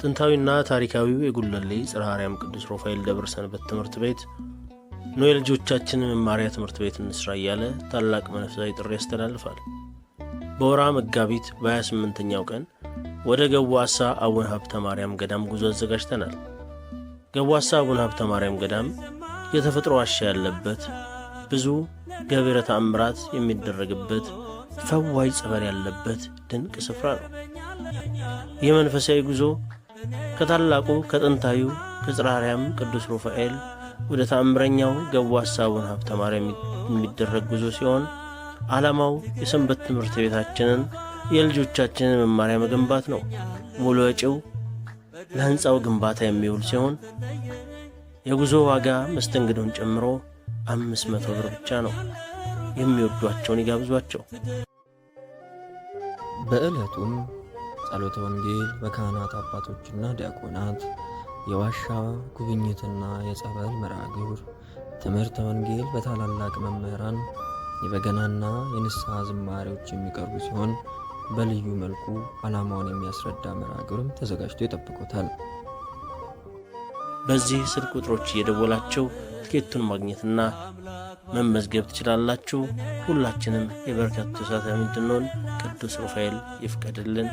ጥንታዊና ታሪካዊው የጉለሌ ጽረ ሃርያም ቅዱስ ሮፋኤል ደብር ሰንበት ትምህርት ቤት ኖ የልጆቻችን መማሪያ ትምህርት ቤት እንስራ እያለ ታላቅ መንፈሳዊ ጥሪ ያስተላልፋል። በወራ መጋቢት በ28ኛው ቀን ወደ ገዋሳ አቡነ ሀብተ ማርያም ገዳም ጉዞ አዘጋጅተናል። ገዋሳ አቡነ ሀብተ ማርያም ገዳም የተፈጥሮ ዋሻ ያለበት ብዙ ገቢረ ተአምራት የሚደረግበት ፈዋይ ጸበር ያለበት ድንቅ ስፍራ ነው። የመንፈሳዊ ጉዞ ከታላቁ ከጥንታዩ ከጽራርያም ቅዱስ ሩፋኤል ወደ ታምረኛው ገቡ ሐሳቡን ሀብተ ማርያም የሚደረግ ጉዞ ሲሆን ዓላማው የሰንበት ትምህርት ቤታችንን የልጆቻችንን መማሪያ መገንባት ነው። ሙሉ ወጪው ለሕንፃው ግንባታ የሚውል ሲሆን የጉዞ ዋጋ መስተንግዶን ጨምሮ አምስት መቶ ብር ብቻ ነው። የሚወዷቸውን ይጋብዟቸው። በዕለቱም ጸሎተ ወንጌል በካህናት አባቶችና ዲያቆናት፣ የዋሻ ጉብኝትና የጸበል መርሃ ግብር፣ ትምህርተ ወንጌል በታላላቅ መምህራን፣ የበገናና የንስሐ ዝማሬዎች የሚቀርቡ ሲሆን በልዩ መልኩ ዓላማውን የሚያስረዳ መርሃ ግብርም ተዘጋጅቶ ይጠብቆታል። በዚህ ስልክ ቁጥሮች እየደወላቸው ትኬቱን ማግኘትና መመዝገብ ትችላላችሁ። ሁላችንም የበረከት ሰተ እንድንሆን ቅዱስ ሩፋኤል ይፍቀድልን።